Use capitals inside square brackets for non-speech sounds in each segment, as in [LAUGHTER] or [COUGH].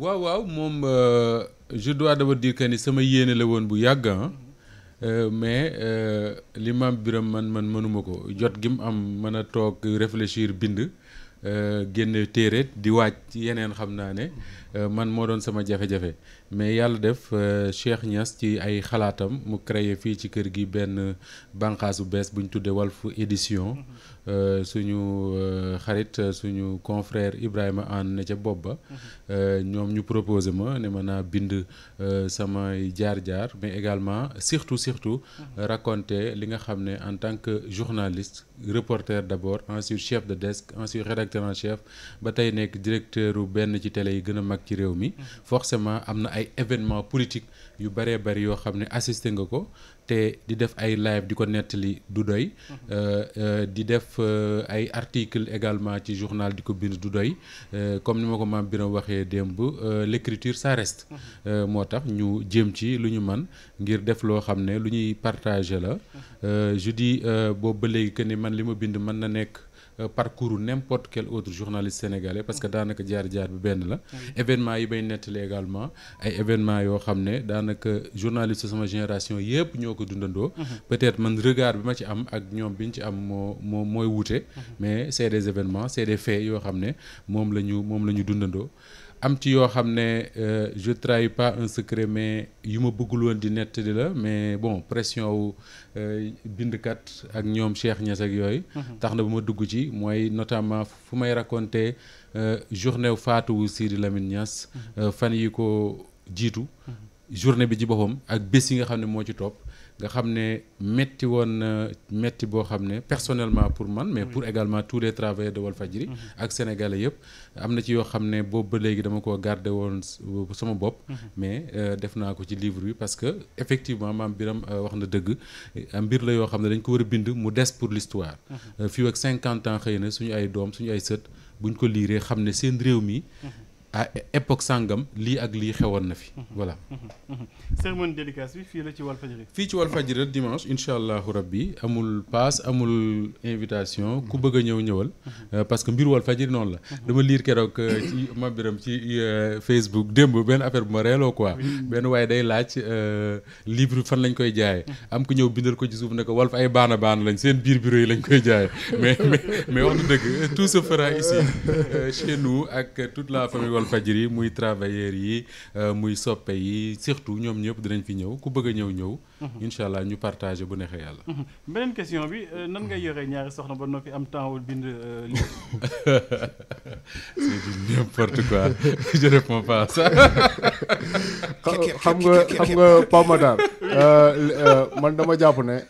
waaw waaw moom euh, je dois d'abord dire que ni sama yéene la woon bu yàgg euh, mais euh, li maam Biram man man mënuma ko jot gi mu am mën a toog réfléchir bind génn téere di waaj yeneen xam naa ne Euh, man moo doon sama jafe-jafe mais yàlla def euh, Cheikh Niass ci ay xalaatam mu créé fii ci kër gi benn bànqaas bu bees bu ñu tuddee Walf Édition mhm. euh, suñu xarit suñu confrère Ibrahima ànd na ca bopp ba mhm. ñoom ñu proposé ma ne ma naa bind samay jaar-jaar mais également surtout surtout mhm. raconter li nga xam ne en tant que journaliste reporter d'abord ensuite chef de desk ensuite rédacteur en chef ba tey nekk directeur benn ci tele yi gën a mag ci réew mi forcément am na ay événement politique yu bëree bëri yoo xam ne assisté nga ko te di def ay live di ko nettali du doy mhm. euh, euh, di def euh, ay article également ci journal di ko bind du doy comme ni ma ko maam Biram waxee démb l'écriture ça reste mhm. moo tax ñu jéem ci lu ñu man ngir def loo xam ne lu ñuy partager la mhm. je dis boobu ba léegi que ni man li ma bind mën na nekk Euh, parcours n'importe quel autre journaliste sénégalais parce que daanaka jaar-jaar bi benn la mm-hmm. événement yi bay nettali également ay événement yoo xam ne daanaka journaliste sama génération yëpp ñoo ko dundandoo mm-hmm. peut-être man regard bi ma ci am ak ñoom bi ñu ci am moo moo mooy wuute mm-hmm. mais c'est événement événements c'est des faits yoo xam ne moom la ñu moom la ñu dundandoo am ci yoo xam ne euh, je trahis pas un secret mais yu ma bëggul woon di nettali la mais bon pression wu euh, bindkat ak ñoom Cheikh Niass ak yooyu. Mhm. tax na ba ma dugg ci mooy notamment fu may raconter euh, journée wu faatu wu Sidi Lamine mhm. fan yi ko jiitu. Mhm. journée bi ci boppam ak bés yi nga xam ne moo ci topp. nga xam ne métti woon na métti boo xam ne personnellement pour man mais pour également tous les travailleurs de Walfadjri ak sénégalais yëpp am na ci yoo xam ne boobu ba léegi dama ko garder woon euh, sama bopp mais euh, def naa ko ci livre bi parce que effectivement maam Biram euh, wax na dëgg mbir la yoo xam ne dañ ko war a bind mu des pour l'histoire fii ak cinquante ans xëy na suñu ay doom suñu ay sët buñ ko liiree xam ne seen réew mi à époque sàngam lii ak lii xewoon na fi. Mhm. voilà. Mhm. Mhm. cérémonie dédicace fii la ci Walfadjri. fii ci Walfadjri dimanche incha allahu rabbi amul paas amul invitation ku bëgg a ñëw ñëwal. Euh, parce que mbiru Walfadjri noonu la. dama liir keroog euh, ci ma biram ci euh, Facebook démb benn affaire bu ma reeloo quoi. benn waaye day laaj livre fan lañ koy jaayee. am ku ñëw bindal ko ci suuf ne ko Walf ay baana baana lañ seen biir bureau yi lañ koy jaayee [LAUGHS] mais mais mais dëgg tout se fera ici chez ak toute la famille. Walfadjri muy travailleurs yi euh, muy yi surtout ñoom ñëpp dinañ fi a ñëw ñëw. Mhm. incha allah ñu partagé bu neexee yàlla. Mhm. beneen question bi euh, nan ngay yoree ñaari soxna ba noppi am temps bind euh, lii. [LAUGHS] c'est du n'importe quoi [LAUGHS] je réponds pas à xam nga xam man dama jàpp ne.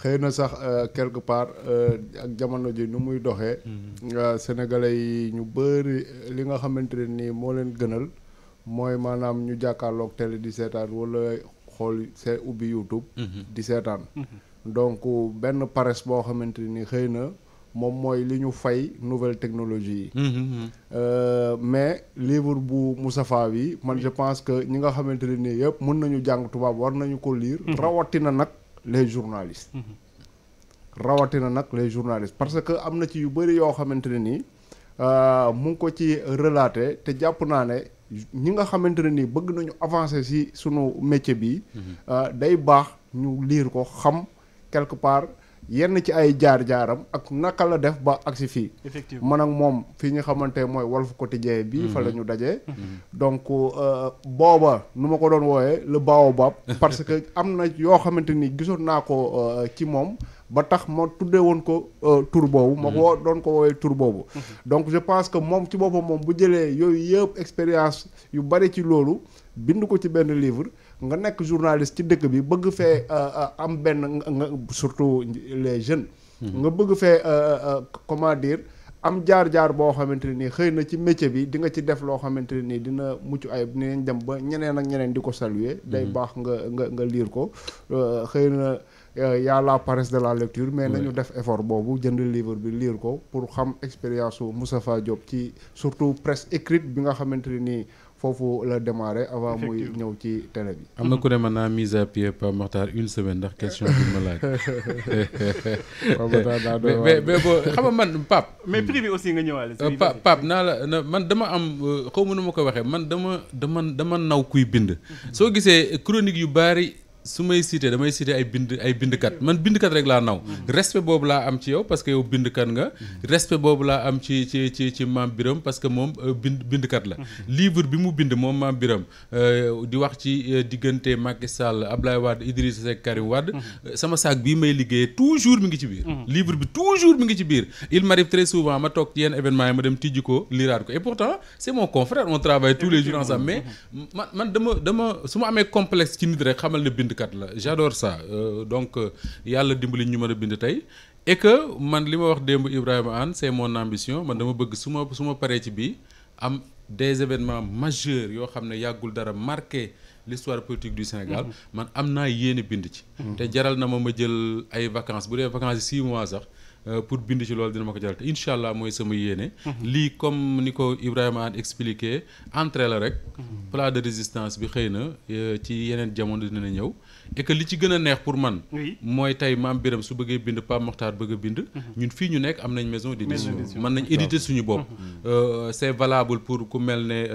xëy na sax euh, quelque part euh, ak jamono ji nu muy doxee. Mm-hmm. Euh, sénégalais yi ñu bëri li nga xamante ne nii moo leen gënal mooy maanaam ñu jàkkaarloog télé di seetaan wala xool see ubbi YouTube. Mm-hmm. di seetaan. Mm-hmm. donc benn paresse boo xamante ni xëy na moom mooy li ñu fay nouvelle technologie yi. mais livre bu Moustapha bi man je pense que ñi nga xamante ne nii yëpp mën nañu jàng tubaab war nañu ko lire. rawatina nag. les journalistes. Mhm. rawatina nag les journalistes parce que am na ci yu bëri yoo xamante ne nii euh, mu ngi ko ci relaté te jàpp naa ne ñi nga xamante ne nii bëgg nañu avancer si sunu métier bi. Mhm. Euh, day baax ñu liir ko xam quelque part. yenn ci ay jaar-jaaram ak naka la def ba agsi fii. effectivement nag moom fii ñu xamante mooy Walf Quotidien bi mhm. fa la ñu dajee. Mhm. donc euh, booba nu ma ko doon wooyee le baobab parce que am na yoo xamante ni gisoon naa ko euh, ci moom. ba tax ma tuddee woon ko euh, tur boobu. ma ko mhm. doon ko woowee tur boobu. donc je pense que moom ci boppam moom bu jëlee yooyu yëpp expérience yu bari ci loolu bind ko ci benn livre. nga nekk journaliste ci dëkk bi bëgg fee euh, euh, am benn nga surtout les jeunes. Hmm. nga bëgg fee euh, comment dire am jaar-jaar boo xamante ne nii xëy na ci métier bi di nga ci def loo xamante ne nii dina mucc ayib dinañ dem ba ñeneen ak ñeneen di ko saluer. Hmm. day baax nga nga nga liir ko xëy na. y a la paresse de la lecture mais nañu def effort boobu jënd livre bi liir ko pour xam expérience su Moustapha Diop ci surtout presque écrite bi nga xamante ne nii foofu la démarré avant muy ñëw ci télé bi. am na ku ne mën naa mise à pied Pape Makhtar une semaine ndax question bi ma laaj. [LAUGHS] mais mais boo xam man Pape. mais privé aussi nga ñëwaale. Euh, Pape Pape naa la na man dama am euh, xaw ma nu ma ko waxee man dama dama dama naw kuy bind. soo gisee chronique yu bari. su may cité damay cité ay bind ay bindkat man bindkat rek laa naw respect boobu laa am ci yow parce que yow bindkat nga respect boobu laa am ci ci ci ci parce que moom euh, bind bindkat la livre bi mu bind moom maam euh, wax ci euh, diggante Macky Sall Abdoulaye Wade Idrissa Seck Karim Wade mmh. sama saak bii may ngi ci biir mmh. livre bi toujours ngi ci biir il m'arrive très souvent ma toog ci yenn événement yi ma dem tijji ko liiraat ko et pourtant mmh. amee complexe ci nit rek xamal ne bind bindkat la j'adore ça euh, donc euh, yàlla dimbali ñu mën a bind tey et que man li ma wax démb Ibrahima Anne c'est mon ambition man dama bëgg su ma su ma paree ci bii am des événements majeurs yoo xam ne yàggul dara marqué l'histoire politique du Sénégal mm-hmm. man am naa yéene bind ci mm-hmm. te jaral na ma ma jël ay vacances bu dee vacances yi six mois sax Euh, pour bind ci loolu dina ma ko jaral te incha allah mooy sama yéene. lii comme ni ko Ibrahima a expliqué entrée la rek. plat de résistance bi xëy na euh, ci yeneen jamono dina ñëw. et li ci gën a neex pour man. mooy tey maam Biram su bëggee bind Pape Mokhtar bëgg a bind. ñun fii ñu nekk am nañ maison d'édition mën nañ éditer suñu bopp. Mhm. Euh, c'est valable pour ku mel ne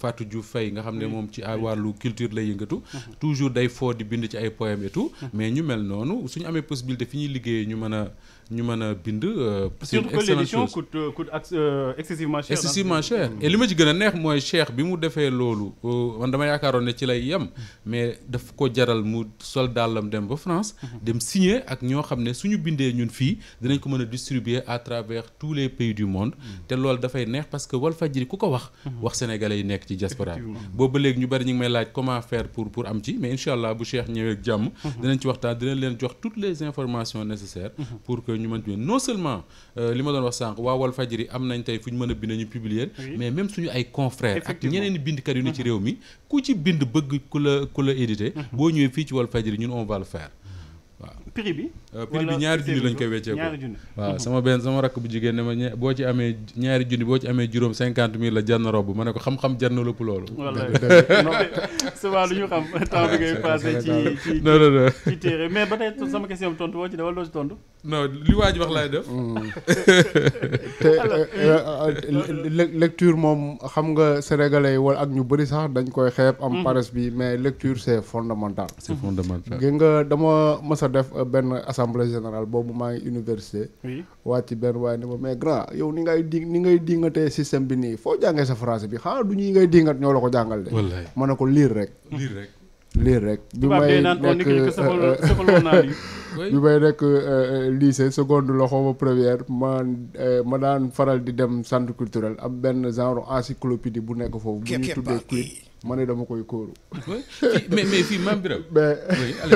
Fatou Diouf Faye nga xam ne moom ci wàllu culture lay yëngatu. Mhm. toujours day foo di bind ci ay poèmes et tout. Mhm. mais ñu mel noonu suñu amee possibilité fi ñuy liggéeyee ñu mën a. ñu mën a bind. Euh, c'est une excellente chose surtout que l'édition excessivement cher. excessivement mm. li ma ci gën a neex mooy Cheikh bi mu defee loolu euh, man dama yaakaaroon ne ci lay yem mais daf ko jaral mu sol dàllam dem ba France. Mm-hmm. dem signer ak ñoo xam ne suñu bindee ñun fii dinañ ko mën a distribuer à travers tous les pays du monde. Mm. te loolu dafay neex parce que Walfadjri ku ko wax. Mm-hmm. wax sénégalais yi nekk ci diaspora bi. boobu ba léegi ñu bari ñu ngi may laaj comment faire pour pour am ci mais incha allah bu Cheikh ñëwee ak jàmm. Mm-hmm. dinañ ci waxtaan dinañ jox toutes les informations nécessaires ñu mën ci non seulement euh, lima doon wax sànq waa Walfadjri am nañ tey fu ñu mën a bind ñu publier mais même suñu ay confrères ak ñeneen bindkat yu ne ci uh-huh. réew mi ku ci bind bëgg ku la ku la édité uh-huh. boo ñëwee fii ci Walfadjri ñun on va le faire waaw prix bi. Euh, prix bi ñaari junni lañ koy weccee ko waaw sama benn sama rakk bu jigéen ne ma ña boo ci amee ñaari junni boo ci amee juróom cinquante mille la jann robb ma ne ko xam-xam jann lëpp loolu. wallaay souvent lu ñu xam temps bi ah, ngay passé ci ci non non non ci téere mais ba tey sama question bi li waa ji wax laay def. lecture moom xam nga sénégalais wala ak ñu bëri sax dañ koy xeeb. am mm-hmm. paresse bi mais lecture c' est fondamental. dama mës def euh, benn assemblée générale boobu maa ngi université. oui wàcc benn waaye ne ma mais grand yow ni ngay di ni ngay dingatee système bi nii foo jàngee sa français bi xanaa du ñuy ngay dingat ñoo la ko jàngal de. wallaay ma ne ko liir rek. liir rek. liir rek bi may oh, nekk euh, [LAUGHS] bi may nekk euh, lycée seconde loxo ba première ma ma daan faral di dem centre culturel am benn genre encyclopédie bu nekk foofu bu ñu tuddee ma ne dama koy kóoru. mais mais fii maam Birame.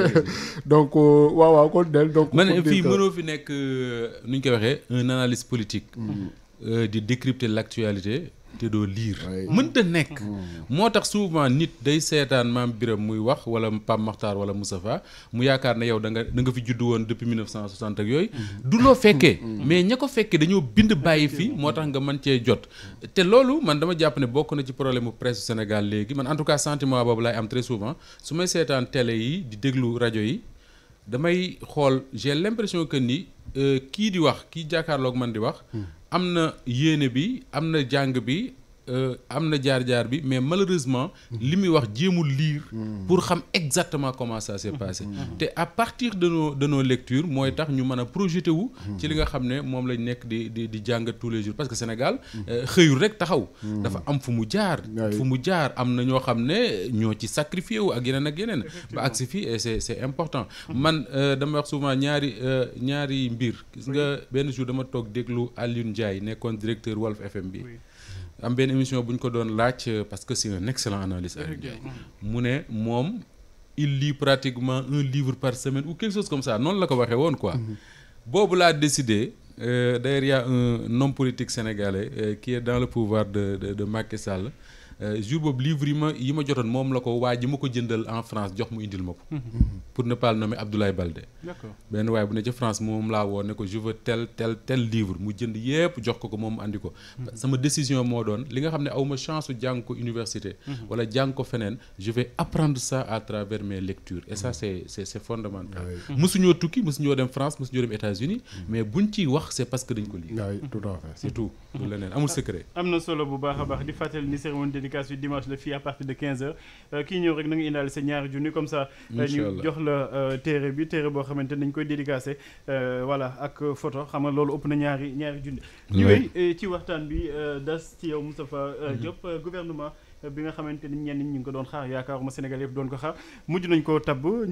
[LAUGHS] donc euh, waaw waaw kon del donc. fii mënoo fi nekk euh, nu ñu koy waxee un analyste politique. Mm-hmm. Euh, di décrypter l'actualité te doo liir mënta nekk mm. moo tax souvent nit day seetaan maam Biram muy wax wala Pape Makhtar wala Moustapha mu yaakaar ne yow da nga da nga fi juddu woon depuis 1960 ak yooyu mm. du loo fekkee mm. mais ña ko fekkee dañoo bind bàyyi fii moo tax nga man cee jot te loolu man dama jàpp ne bokk na ci problème mu presse Sénégal léegi man en tout cas sentiment boobu laay am très souvent su may seetaan télé yi di déglu rajo yi damay xool j'ai l'impression que ni euh, kii di wax kii jàkkaarloog man di wax am na yéene bi am na jàng bi Euh, am na jaar-jaar bi mais malheureusement li muy wax jéemul lire pour xam exactement comment ça s'est passé te à partir de nos de nos lectures mooy tax ñu mën a projeté wu ci li nga xam ne moom lañ nekk di di di jàngat tous les jours parce que Sénégal euh, xëyul rek taxaw dafa am fu mu jaar fu mu jaar am na ñoo xam ne ñoo ci sacrifié wu ak yeneen ak yeneen ba agsi fii et c'est important man euh, dama wax souvent ñaari ñaari mbir gis nga benn jour dama toog déglu Alioune Ndiaye nekkoon directeur Walf FM bi am benn émission bu ñu ko doon laaj euh, parce que c'est un excellent analyste mu ne moom il lit pratiquement un livre par semaine ou quelque chose comme ça noonu la ko waxee woon quoi mhm. boobu laa décidé euh, d'ailleurs ria a un homme politique sénégalais euh, qui est dans le pouvoir de de de Macky Sall Euh, jour boobu livre yi ma yi ma jotoon moom la ko waa ji ma ko jëndal en France jox mu indil ma ko. Mhm. pour ne pas le nommer Abdoulaye Balde. waaye bu ne ca France moom laa woo ne ko je tel tel livre mu jënd yépp jox ko ko moom andi ko. Mhm. sama décision moo doon li nga xam ne aw ma chance su jàng ko université. Mhm. wala jàng ko feneen je apprendre ça à travers mes lectures et ça c'est fondamental. mësuñoo tukki mësuñoo dem France mësuñoo dem États-Unis ah, a baax dédicace yu dimanche la fii à partir de 15h euh, kii ñëw rek na nga indaale sa ñaari junni comme ça. Euh, ñu jox la euh, téere bi téere boo xamante nañ koy dédicacé voilà ak photo xam loolu ëpp na ñaari ñaari junni. ñuy ci waxtaan bi das ci yow Moustapha mhm. Diop gouvernement bi nga xamante ni ñenn ñi ngi ko doon xaar yaakaaruma Sénégal yëpp doon ko xaar mujj nañ koo tabb.